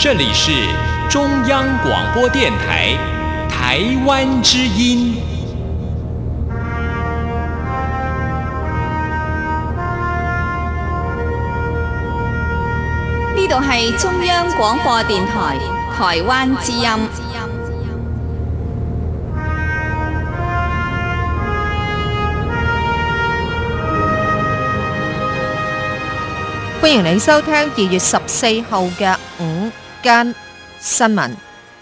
這裏是中央廣播電台台灣之音。呢度係中央廣播電台台灣之音。歡迎你收聽二月十四號嘅午間新聞，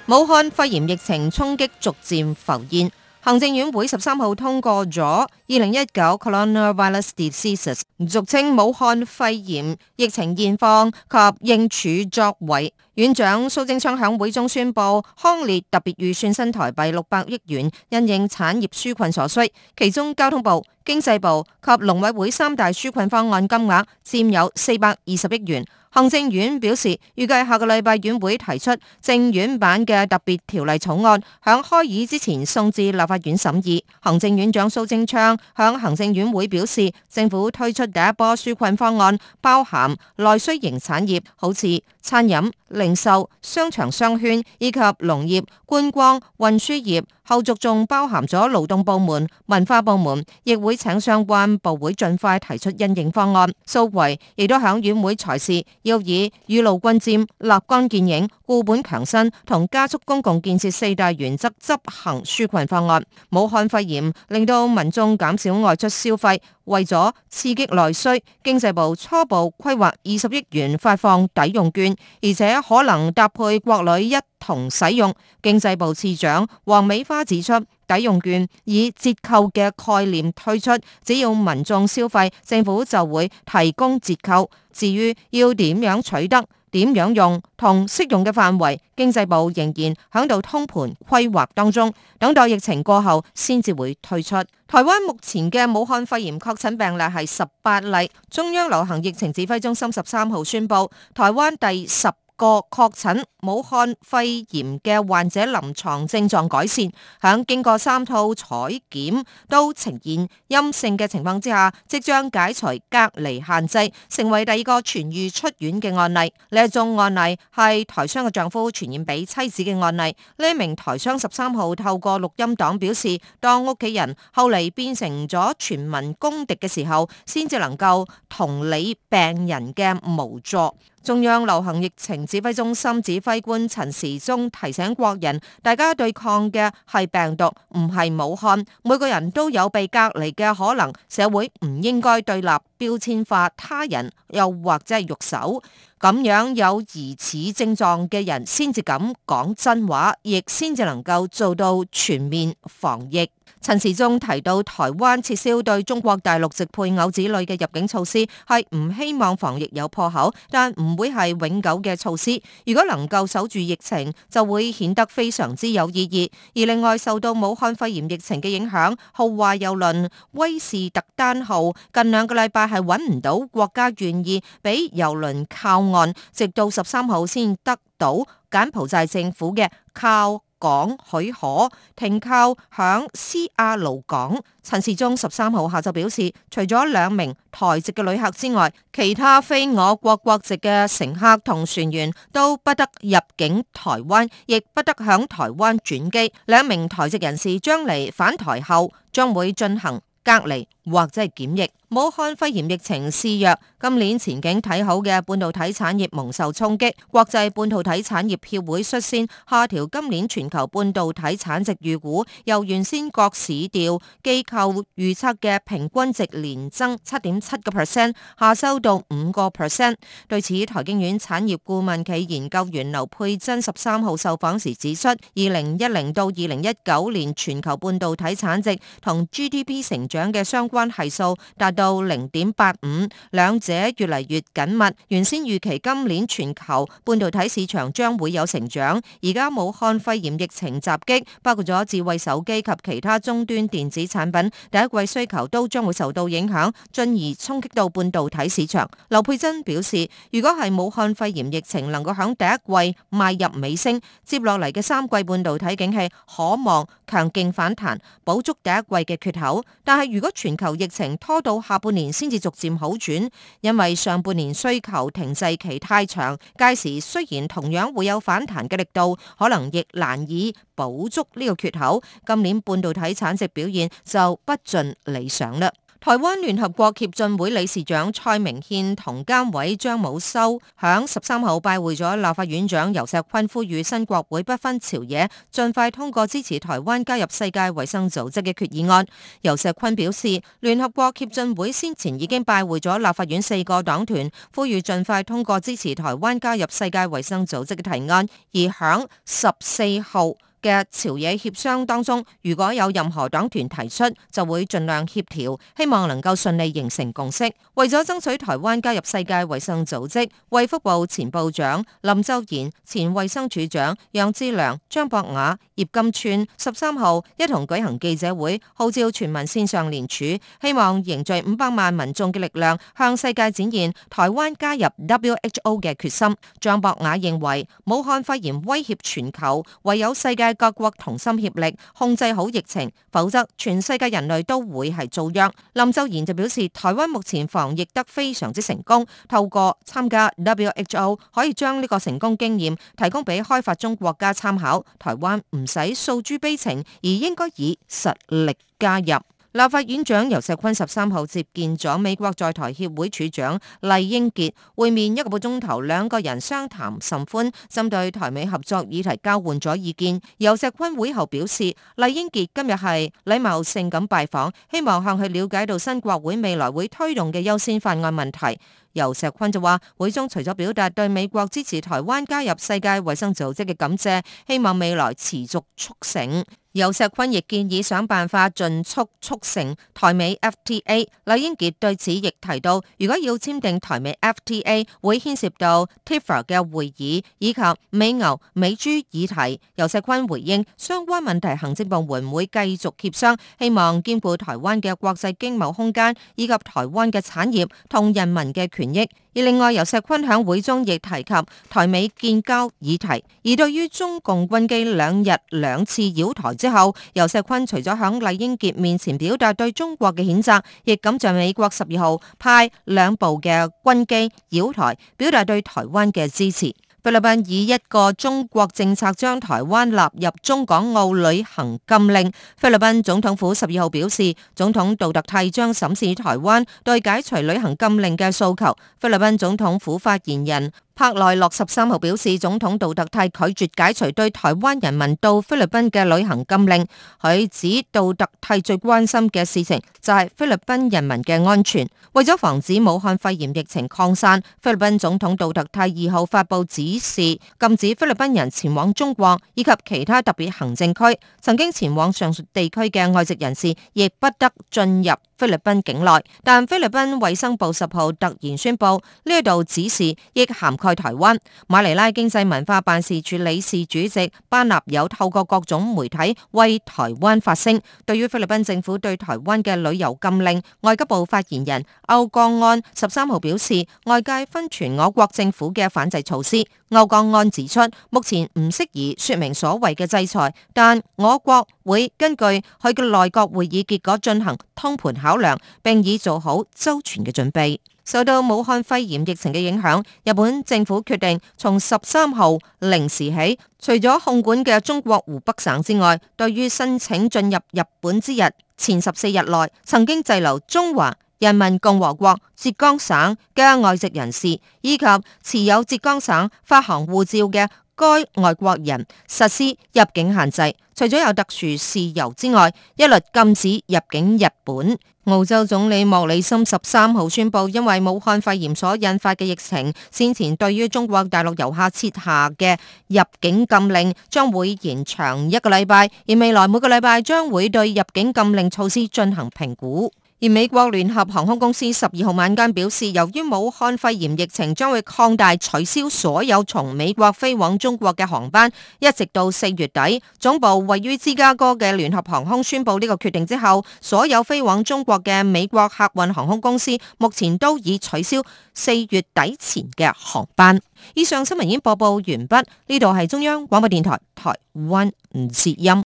武漢肺炎疫情衝擊逐漸浮現。行政院會十三號通過咗二零一九 Coronavirus Diseases，俗稱武漢肺炎疫情現況及應處作為。院長蘇貞昌喺會中宣布，匡列特別預算新台幣六百億元，因應產業紓困所需。其中交通部、經濟部及農委會三大紓困方案金額佔有四百二十億元。行政院表示，預計下個禮拜院會提出政院版嘅特別條例草案，響開議之前送至立法院審議。行政院長蘇貞昌向行政院會表示，政府推出第一波紓困方案，包含內需型產業，好似餐飲、零售、商場商圈，以及農業、觀光、運輸業。後續仲包含咗勞動部門、文化部門，亦會請相關部會盡快提出因應方案。蘇揆亦都響院會裁示，要以雨露均沾、立竿見影、固本強身同加速公共建設四大原則執行紓困方案。武漢肺炎令到民眾減少外出消費，為咗刺激內需，經濟部初步規劃二十億元發放抵用券，而且可能搭配國旅一。同使用經濟部次長黃美花指出，抵用券以折扣嘅概念推出，只要民眾消費政府就會提供折扣。至於要點樣取得，點樣用同適用嘅範圍經濟部仍然響度通盤規劃當中，等待疫情過後先至會推出。台灣目前嘅武漢肺炎確診病例係十八例，中央流行疫情指揮中心十三號宣布，台灣第十。個確診武漢肺炎嘅患者臨床症狀改善，響經過三套採檢都呈現陰性嘅情況之下，即將解除隔離限制，成為第二個痊癒出院嘅案例。呢一種案例係台商嘅丈夫傳染俾妻子嘅案例。呢名台商十三號透過錄音檔表示，當屋企人後嚟變成咗全民公敵嘅時候，先至能夠同理病人嘅無助。中央流行疫情指揮中心指揮官陳時中提醒國人，大家對抗嘅係病毒，唔係武漢。每個人都有被隔離嘅可能，社會唔應該對立、標籤化他人，又或者係喐手。咁樣有疑似症狀嘅人先至敢講真話，亦先至能夠做到全面防疫。陳時中提到，台灣撤銷對中國大陸籍配偶子女嘅入境措施，係唔希望防疫有破口，但唔會係永久嘅措施。如果能夠守住疫情，就會顯得非常之有意義。而另外受到武漢肺炎疫情嘅影響，豪華郵輪威士特丹號近兩個禮拜係搵唔到國家願意俾郵輪靠。案直到十三號先得到柬埔寨政府嘅靠港許可，停靠響斯亞盧港。陳時中十三號下晝表示，除咗兩名台籍嘅旅客之外，其他非我國國籍嘅乘客同船員都不得入境台灣，亦不得響台灣轉機。兩名台籍人士將嚟返台後，將會進行隔離。或者係檢疫，武漢肺炎疫情肆虐，今年前景睇好嘅半導體產業蒙受衝擊。國際半導體產業協會率先下調今年全球半導體產值預估，由原先各市調機構預測嘅平均值年增七點七個 percent，下修到五個 percent。對此，台經院產業顧問暨研究員劉佩真十三號受訪時指出，二零一零到二零一九年全球半導體產值同 GDP 成長嘅相關關係數達到零點八五，兩者越嚟越緊密。原先預期今年全球半導體市場將會有成長，而家武漢肺炎疫情襲擊，包括咗智慧手機及其他終端電子產品，第一季需求都將會受到影響，進而衝擊到半導體市場。劉佩真表示，如果係武漢肺炎疫情能夠喺第一季邁入尾聲，接落嚟嘅三季半導體景氣可望強勁反彈，補足第一季嘅缺口。但係如果全球受疫情拖到下半年先至逐漸好轉，因為上半年需求停滯期太長，屆時雖然同樣會有反彈嘅力度，可能亦難以補足呢個缺口。今年半導體產值表現就不盡理想啦。台灣聯合國協進會理事長蔡明憲同監委張武修響十三號拜會咗立法院長游錫堃，呼籲新國會不分朝野盡快通過支持台灣加入世界衛生組織嘅決議案。游錫堃表示，聯合國協進會先前已經拜會咗立法院四個黨團，呼籲盡快通過支持台灣加入世界衛生組織嘅提案，而響十四號。嘅朝野協商當中，如果有任何黨團提出，就會盡量協調，希望能夠順利形成共識。為咗爭取台灣加入世界衛生組織，衛福部前部長林周賢、前衛生署長楊志良、張博雅、葉金川十三號一同舉行記者會，號召全民線上連署，希望凝聚五百萬民眾嘅力量，向世界展現台灣加入 WHO 嘅決心。張博雅認為，武漢肺炎威脅全球，唯有世界各國同心協力控制好疫情，否則全世界人類都會係遭殃。林周賢就表示，台灣目前防疫得非常之成功，透過參加 WHO，可以將呢個成功經驗提供俾開發中國家參考。台灣唔使訴諸悲情，而應該以實力加入。立法院長游鍚堃十三號接見咗美國在台協會處長酈英傑，會面一個半鐘頭，兩個人相談甚歡，針對台美合作議題交換咗意見。游鍚堃會後表示，酈英傑今日係禮貌性咁拜訪，希望向佢了解到新國會未來會推動嘅優先法案問題。游錫堃就話，會中除咗表達對美國支持台灣加入世界衛生組織嘅感謝，希望未來持續促成。游錫堃亦建議想辦法盡速促成台美 FTA。酈英傑對此亦提到，如果要簽訂台美 FTA，會牽涉到 TIFA 嘅會議以及美牛美豬議題。游錫堃回應，相關問題行政部門會繼續協商，希望兼顧台灣嘅國際經貿空間以及台灣嘅產業同人民嘅權。而另外，游錫堃喺會中亦提及台美建交議題，而對於中共軍機兩日兩次繞台之後，游錫堃除咗響酈英傑面前表達對中國嘅譴責，亦感謝美國十二號派兩部嘅軍機繞台，表達對台灣嘅支持。菲律賓以一個中國政策將台灣納入中港澳旅行禁令。菲律賓總統府十二號表示，總統杜特蒂將審視台灣對解除旅行禁令嘅訴求。菲律賓總統府發言人。帕內洛十三號表示，總統杜特蒂拒絕解除對台灣人民到菲律賓嘅旅行禁令。佢指杜特蒂最關心嘅事情就係菲律賓人民嘅安全。為咗防止武漢肺炎疫情擴散，菲律賓總統杜特蒂二號發布指示，禁止菲律賓人前往中國以及其他特別行政區。曾經前往上述地區嘅外籍人士亦不得進入。菲律賓境內，但菲律賓衛生部十號突然宣布呢度指示亦涵蓋台灣。馬尼拉經濟文化辦事處理事主席班納友透過各種媒體為台灣發聲。對於菲律賓政府對台灣嘅旅遊禁令，外交部發言人歐江安十三號表示，外界分傳我國政府嘅反制措施，歐江安指出，目前唔適宜說明所謂嘅制裁，但我國會根據佢嘅內閣會議結果進行通盤。考量並已做好周全嘅準備。受到武漢肺炎疫情嘅影響，日本政府決定從十三號零時起，除咗控管嘅中國湖北省之外，對於申請進入日本之日前十四日內曾經滯留中華人民共和國浙江省嘅外籍人士，以及持有浙江省發行護照嘅該外國人，實施入境限制。除咗有特殊事由之外，一律禁止入境日本。澳洲總理莫里森十三號宣布，因為武漢肺炎所引發嘅疫情，先前對於中國大陸遊客設下嘅入境禁令將會延長一個禮拜，而未來每個禮拜將會對入境禁令措施進行評估。而美國聯合航空公司十二號晚間表示，由於武漢肺炎疫情將會擴大，取消所有從美國飛往中國嘅航班，一直到四月底。總部位於芝加哥嘅聯合航空宣布呢個決定之後，所有飛往中國嘅美國客運航空公司目前都已取消四月底前嘅航班。以上新聞已經播報完畢，呢度係中央廣播電台台灣之音。